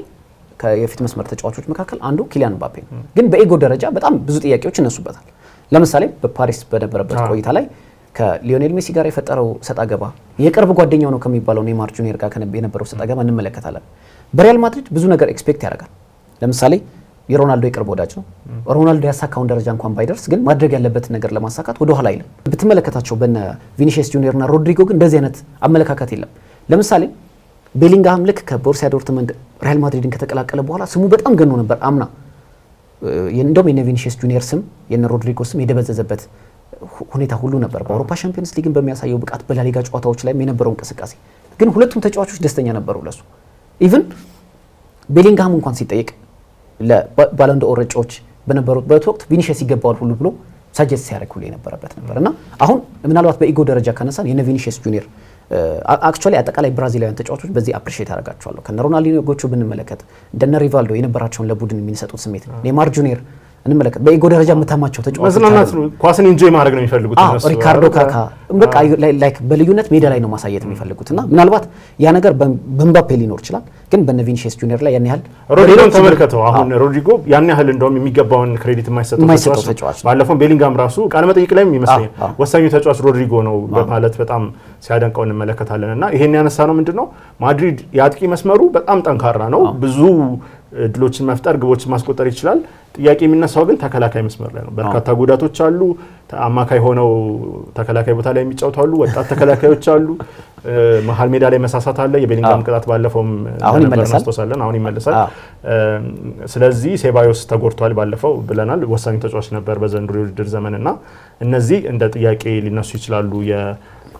የፊት መስመር ተጫዋቾች መካከል አንዱ ኪሊያን ምባፔ ነው። ግን በኤጎ ደረጃ በጣም ብዙ ጥያቄዎች ይነሱበታል። ለምሳሌ በፓሪስ በነበረበት ቆይታ ላይ ከሊዮኔል ሜሲ ጋር የፈጠረው ሰጣገባ የቅርብ ጓደኛው ነው ከሚባለው ኔማር ጁኒየር ጋር የነበረው ሰጣገባ እንመለከታለን። በሪያል ማድሪድ ብዙ ነገር ኤክስፔክት ያደርጋል። ለምሳሌ የሮናልዶ የቅርብ ወዳጅ ነው። ሮናልዶ ያሳካውን ደረጃ እንኳን ባይደርስ ግን ማድረግ ያለበትን ነገር ለማሳካት ወደኋላ አይልም። ብትመለከታቸው በነ ቪኒሺየስ ጁኒየርና ሮድሪጎ ግን እንደዚህ አይነት አመለካከት የለም። ለምሳሌ ቤሊንግሃም ልክ ከቦርሲያ ዶርትመንድ ሪያል ማድሪድን ከተቀላቀለ በኋላ ስሙ በጣም ገኖ ነበር። አምና እንደውም የነ ጁኒየር ስም የነ ሮድሪጎ ስም የደበዘዘበት ሁኔታ ሁሉ ነበር። በአውሮፓ ሻምፒዮንስ ሊግን በሚያሳየው ብቃት፣ በላሊጋ ጨዋታዎች ላይም የነበረው እንቅስቃሴ ግን ሁለቱም ተጫዋቾች ደስተኛ ነበሩ ለሱ ኢቭን ቤሊንግሃም እንኳን ሲጠይቅ ለባለንዶ ረጫዎች በነበሩበት ወቅት ቪኒሽስ ይገባዋል ሁሉ ብሎ ሳጀስት ሲያደርግ ሁሉ የነበረበት ነበር እና አሁን ምናልባት በኢጎ ደረጃ ከነሳን የነ ቪኒሽስ ጁኒየር አክቹዋሊ አጠቃላይ ብራዚላውያን ተጫዋቾች በዚህ አፕሪሼት አደርጋቸዋለሁ። ከነ ሮናልዲኒዮ ጎቹ ብንመለከት እንደነ ሪቫልዶ የነበራቸውን ለቡድን የሚሰጡት ስሜት ኔማር ጁኒየር እንመለከት። በኢጎ ደረጃ የምታማቸው ተጫዋቾች መዝናናት ነው፣ ኳስን ኢንጆይ ማድረግ ነው የሚፈልጉት። ሪካርዶ ካካ በቃ ላይክ በልዩነት ሜዳ ላይ ነው ማሳየት የሚፈልጉት እና ምናልባት ያ ነገር በምባፔ ሊኖር ይችላል፣ ግን በነቪንሽስ ጁኒየር ላይ ያን ያህል ሮድሪጎን ተመልከተው። አሁን ሮድሪጎ ያን ያህል እንደውም የሚገባውን ክሬዲት የማይሰጠው ተጫዋች ባለፈው ቤሊንጋም ራሱ ቃለ መጠይቅ ላይም ይመስለኛል ወሳኙ ተጫዋች ሮድሪጎ ነው በማለት በጣም ሲያደንቀው እንመለከታለን እና ይሄን ያነሳ ነው ምንድን ነው ማድሪድ የአጥቂ መስመሩ በጣም ጠንካራ ነው ብዙ እድሎችን መፍጠር፣ ግቦችን ማስቆጠር ይችላል። ጥያቄ የሚነሳው ግን ተከላካይ መስመር ላይ ነው። በርካታ ጉዳቶች አሉ። አማካይ ሆነው ተከላካይ ቦታ ላይ የሚጫወቱ አሉ። ወጣት ተከላካዮች አሉ። መሀል ሜዳ ላይ መሳሳት አለ። የቤሊንጋም ቅጣት ባለፈውም እናስታውሳለን። አሁን ይመለሳል። ስለዚህ ሴባዮስ ተጎድቷል ባለፈው ብለናል። ወሳኝ ተጫዋች ነበር በዘንድሮ የውድድር ዘመንና እነዚህ እንደ ጥያቄ ሊነሱ ይችላሉ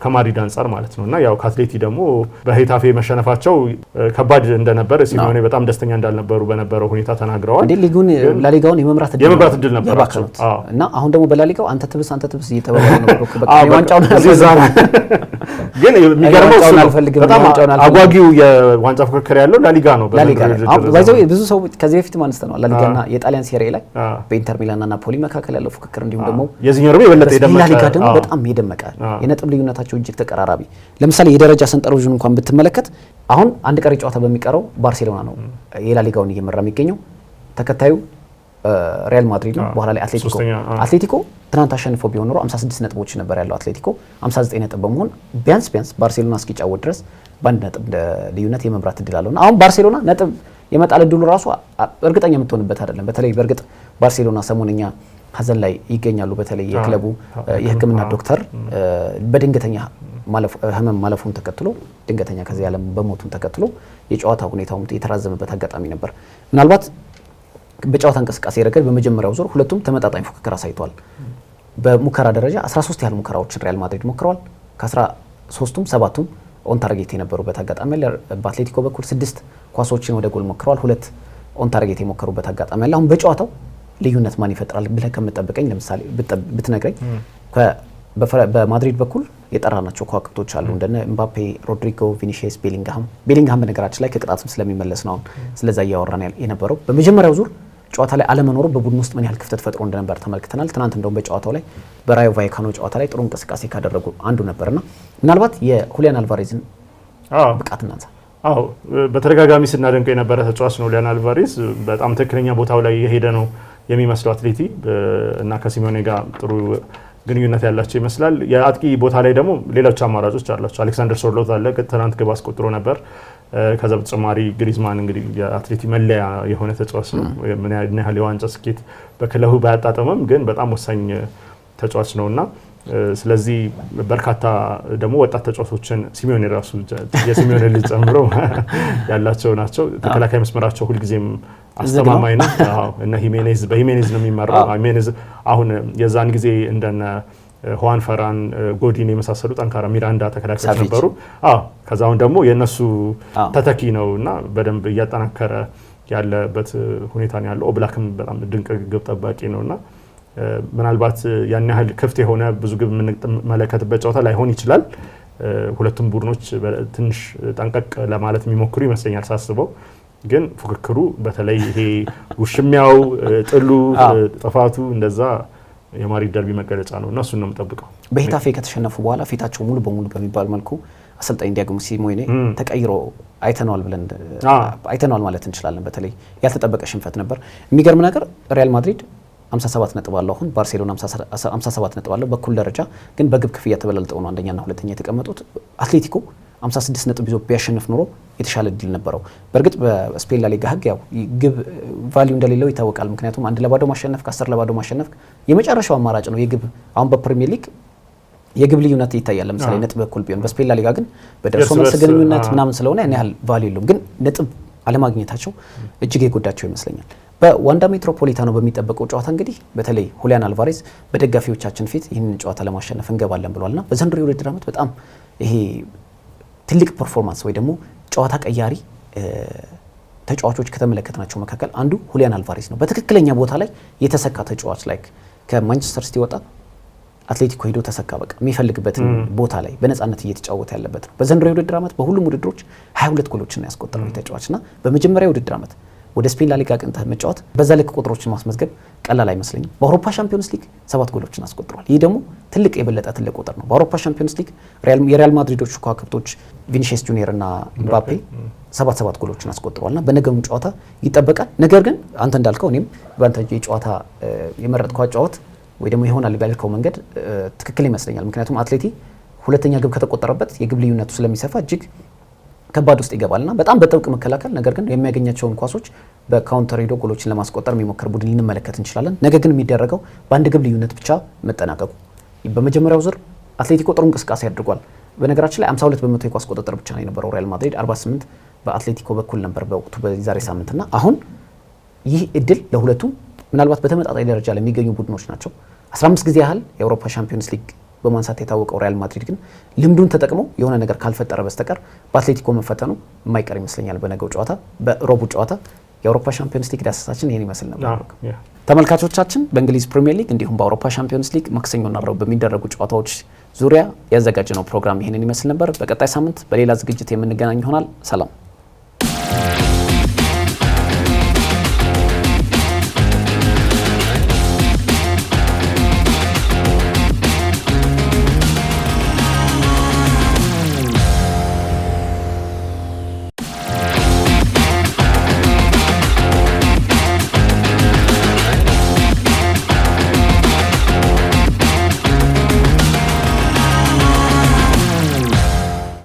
ከማድሪድ አንጻር ማለት ነው እና ያው ከአትሌቲ ደግሞ በሄታፌ መሸነፋቸው ከባድ እንደነበረ ሲሆኔ በጣም ደስተኛ እንዳልነበሩ በነበረው ሁኔታ ተናግረዋል። ሊጉን ላሊጋውን የመምራት እድል ነበራቸው እና አሁን ደግሞ በላሊጋው አንተ ትብስ አንተ ትብስ እየተባለ ነው። ግን የሚገርመው አጓጊው የዋንጫ ፉክክር ያለው ላሊጋ ነው። ብዙ ሰው ከዚህ በፊት ማንስተ ነው ላሊጋና የጣሊያን ሴሬ ላይ በኢንተር ሚላንና ናፖሊ መካከል ያለው ፉክክር እንዲሁም ደግሞ የዚህኛው ደግሞ የበለጠ የደመቀ ደግሞ በጣም የደመቀ የነጥብ ልዩነታቸው እጅግ ተቀራራቢ። ለምሳሌ የደረጃ ሰንጠረዡን እንኳን ብትመለከት አሁን አንድ ቀሪ ጨዋታ በሚቀረው ባርሴሎና ነው የላሊጋውን እየመራ የሚገኘው። ተከታዩ ሪያል ማድሪድ ነው። በኋላ ላይ አትሌቲኮ አትሌቲኮ ትናንት አሸንፎ ቢሆን ኖሮ 56 ነጥቦች ነበር ያለው አትሌቲኮ 59 ነጥብ በመሆን ቢያንስ ቢያንስ ባርሴሎና እስኪጫወት ድረስ በአንድ ነጥብ ልዩነት የመምራት እድል አለውና አሁን ባርሴሎና ነጥብ የመጣል እድሉ ራሱ እርግጠኛ የምትሆንበት አይደለም። በተለይ በእርግጥ ባርሴሎና ሰሞንኛ ሀዘን ላይ ይገኛሉ። በተለይ የክለቡ የህክምና ዶክተር በድንገተኛ ህመም ማለፉን ተከትሎ ድንገተኛ ከዚህ ዓለም በሞቱን ተከትሎ የጨዋታ ሁኔታ የተራዘመበት አጋጣሚ ነበር። ምናልባት በጨዋታ እንቅስቃሴ ረገድ በመጀመሪያው ዙር ሁለቱም ተመጣጣኝ ፉክክር አሳይተዋል። በሙከራ ደረጃ 13 ያህል ሙከራዎችን ሪያል ማድሪድ ሞክረዋል። ከ13ቱም ሰባቱም ኦን ታርጌት የነበሩበት አጋጣሚ አለ። በአትሌቲኮ በኩል ስድስት ኳሶችን ወደ ጎል ሞክረዋል። ሁለት ኦን ታርጌት የሞከሩበት አጋጣሚ አለ። አሁን በጨዋታው ልዩነት ማን ይፈጥራል ብለህ ከምጠብቀኝ ለምሳሌ ብትነግረኝ በማድሪድ በኩል የጠራናቸው ከዋክብቶች አሉ እንደነ ኤምባፔ፣ ሮድሪጎ፣ ቪኒሽስ፣ ቤሊንግሃም። ቤሊንግሃም በነገራችን ላይ ከቅጣትም ስለሚመለስ ነው አሁን ስለዛ እያወራን የነበረው። በመጀመሪያው ዙር ጨዋታ ላይ አለመኖሩ በቡድን ውስጥ ምን ያህል ክፍተት ፈጥሮ እንደነበር ተመልክተናል። ትናንት እንደውም በጨዋታው ላይ በራዮ ቫይካኖ ጨዋታ ላይ ጥሩ እንቅስቃሴ ካደረጉ አንዱ ነበርና ምናልባት የሁሊያን አልቫሬዝን ብቃት እናንሳ። አዎ በተደጋጋሚ ስናደንቀው የነበረ ተጫዋች ነው ሁሊያን አልቫሬዝ። በጣም ትክክለኛ ቦታው ላይ የሄደ ነው የሚመስለው አትሌቲ እና ከሲሞኔ ጋር ጥሩ ግንኙነት ያላቸው ይመስላል። የአጥቂ ቦታ ላይ ደግሞ ሌሎች አማራጮች አላቸው። አሌክሳንደር ሶርሎት አለ፣ ትናንት ግብ አስቆጥሮ ነበር። ከዛ በተጨማሪ ግሪዝማን እንግዲህ የአትሌቲ መለያ የሆነ ተጫዋች ነው። ምን ያህል የዋንጫ ስኬት በክለቡ ባያጣጠመም ግን በጣም ወሳኝ ተጫዋች ነው እና ስለዚህ በርካታ ደግሞ ወጣት ተጫዋቾችን ሲሚዮን የራሱ የሲሚዮን ልጅ ጨምሮ ያላቸው ናቸው። ተከላካይ መስመራቸው ሁልጊዜም አስተማማኝ ነው እና ሂሜኔዝ በሂሜኔዝ ነው የሚመራው። ሂሜኔዝ አሁን የዛን ጊዜ እንደነ ሁዋን ፈራን ጎዲን የመሳሰሉ ጠንካራ ሚራንዳ ተከላካዮች ነበሩ። ከዛ አሁን ደግሞ የእነሱ ተተኪ ነው እና በደንብ እያጠናከረ ያለበት ሁኔታ ነው ያለው። ኦብላክም በጣም ድንቅ ግብ ጠባቂ ነው እና ምናልባት ያን ያህል ክፍት የሆነ ብዙ ግብ የምንመለከትበት ጨዋታ ላይሆን ይችላል። ሁለቱም ቡድኖች ትንሽ ጠንቀቅ ለማለት የሚሞክሩ ይመስለኛል ሳስበው። ግን ፉክክሩ በተለይ ይሄ ውሽሚያው፣ ጥሉ፣ ጥፋቱ እንደዛ የማድሪድ ደርቢ መገለጫ ነው እና እሱን ነው የምጠብቀው። በሄታፌ ከተሸነፉ በኋላ ፊታቸው ሙሉ በሙሉ በሚባል መልኩ አሰልጣኝ ዲያጎ ሲሞኔ ተቀይሮ አይተነዋል ብለን አይተነዋል ማለት እንችላለን። በተለይ ያልተጠበቀ ሽንፈት ነበር። የሚገርም ነገር ሪያል ማድሪድ 57 ነጥብ አለው። አሁን ባርሴሎና 57 ነጥብ አለው። በኩል ደረጃ ግን በግብ ክፍያ ተበላልጠው ነው አንደኛና ሁለተኛ የተቀመጡት። አትሌቲኮ 56 ነጥብ ይዞ ቢያሸንፍ ኖሮ የተሻለ እድል ነበረው። በእርግጥ በስፔን ላሊጋ ህግ ያው ግብ ቫሊዩ እንደሌለው ይታወቃል። ምክንያቱም አንድ ለባዶ ማሸነፍ ከ10 ለባዶ ማሸነፍ የመጨረሻው አማራጭ ነው የግብ አሁን በፕሪሚየር ሊግ የግብ ልዩነት ይታያል። ለምሳሌ ነጥብ እኩል ቢሆን፣ በስፔን ላሊጋ ግን በደርሶ መልስ ግንኙነት ምናምን ስለሆነ ያን ያህል ቫሊዩ የለውም። ግን ነጥብ አለማግኘታቸው እጅግ የጎዳቸው ይመስለኛል። በዋንዳ ሜትሮፖሊታኖ በሚጠበቀው ጨዋታ እንግዲህ በተለይ ሁሊያን አልቫሬዝ በደጋፊዎቻችን ፊት ይህንን ጨዋታ ለማሸነፍ እንገባለን ብሏልና በዘንድሮ የውድድር ዓመት በጣም ይሄ ትልቅ ፐርፎርማንስ ወይ ደግሞ ጨዋታ ቀያሪ ተጫዋቾች ከተመለከትናቸው መካከል አንዱ ሁሊያን አልቫሬዝ ነው። በትክክለኛ ቦታ ላይ የተሰካ ተጫዋች ላይክ ከማንቸስተር ሲቲ ወጣ አትሌቲኮ ሄዶ ተሰካ በቃ የሚፈልግበትን ቦታ ላይ በነፃነት እየተጫወተ ያለበት ነው። በዘንድሮ የውድድር ዓመት በሁሉም ውድድሮች 22 ጎሎችን ያስቆጠረው ና በመጀመሪያ የውድድር ዓመት ወደ ስፔን ላሊጋ ቅንተህ መጫወት በዛ ልክ ቁጥሮችን ማስመዝገብ ቀላል አይመስለኝም። በአውሮፓ ሻምፒዮንስ ሊግ ሰባት ጎሎችን አስቆጥሯል። ይህ ደግሞ ትልቅ የበለጠ ትልቅ ቁጥር ነው። በአውሮፓ ሻምፒዮንስ ሊግ የሪያል ማድሪዶቹ ከዋክብቶች ቪኒሽስ ጁኒየር እና ምባፔ ሰባት ሰባት ጎሎችን አስቆጥሯል እና በነገሩን ጨዋታ ይጠበቃል። ነገር ግን አንተ እንዳልከው እኔም በአንተ የጨዋታ የመረጥከው ጨዋት ወይ ደግሞ ይሆናል ባልከው መንገድ ትክክል ይመስለኛል። ምክንያቱም አትሌቲ ሁለተኛ ግብ ከተቆጠረበት የግብ ልዩነቱ ስለሚሰፋ እጅግ ከባድ ውስጥ ይገባል እና በጣም በጥብቅ መከላከል፣ ነገር ግን የሚያገኛቸውን ኳሶች በካውንተር ሄዶ ጎሎችን ለማስቆጠር የሚሞክር ቡድን ልንመለከት እንችላለን። ነገር ግን የሚደረገው በአንድ ግብ ልዩነት ብቻ መጠናቀቁ። በመጀመሪያው ዙር አትሌቲኮ ጥሩ እንቅስቃሴ አድርጓል። በነገራችን ላይ 52 በመቶ የኳስ ቁጥጥር ብቻ ነው የነበረው ሪያል ማድሪድ፣ 48 በአትሌቲኮ በኩል ነበር በወቅቱ በዛሬ እና አሁን ይህ እድል ለሁለቱም ምናልባት በተመጣጣኝ ደረጃ ለሚገኙ ቡድኖች ናቸው። 15 ጊዜ ያህል የአውሮፓ ሻምፒዮንስ ሊግ በማንሳት የታወቀው ሪያል ማድሪድ ግን ልምዱን ተጠቅሞ የሆነ ነገር ካልፈጠረ በስተቀር በአትሌቲኮ መፈተኑ የማይቀር ይመስለኛል። በነገው ጨዋታ በሮቡ ጨዋታ የአውሮፓ ሻምፒዮንስ ሊግ ዳሰሳችን ይህን ይመስል ነበር። ተመልካቾቻችን በእንግሊዝ ፕሪምየር ሊግ እንዲሁም በአውሮፓ ሻምፒዮንስ ሊግ ማክሰኞና ረቡዕ በሚደረጉ ጨዋታዎች ዙሪያ ያዘጋጀነው ፕሮግራም ይህንን ይመስል ነበር። በቀጣይ ሳምንት በሌላ ዝግጅት የምንገናኝ ይሆናል። ሰላም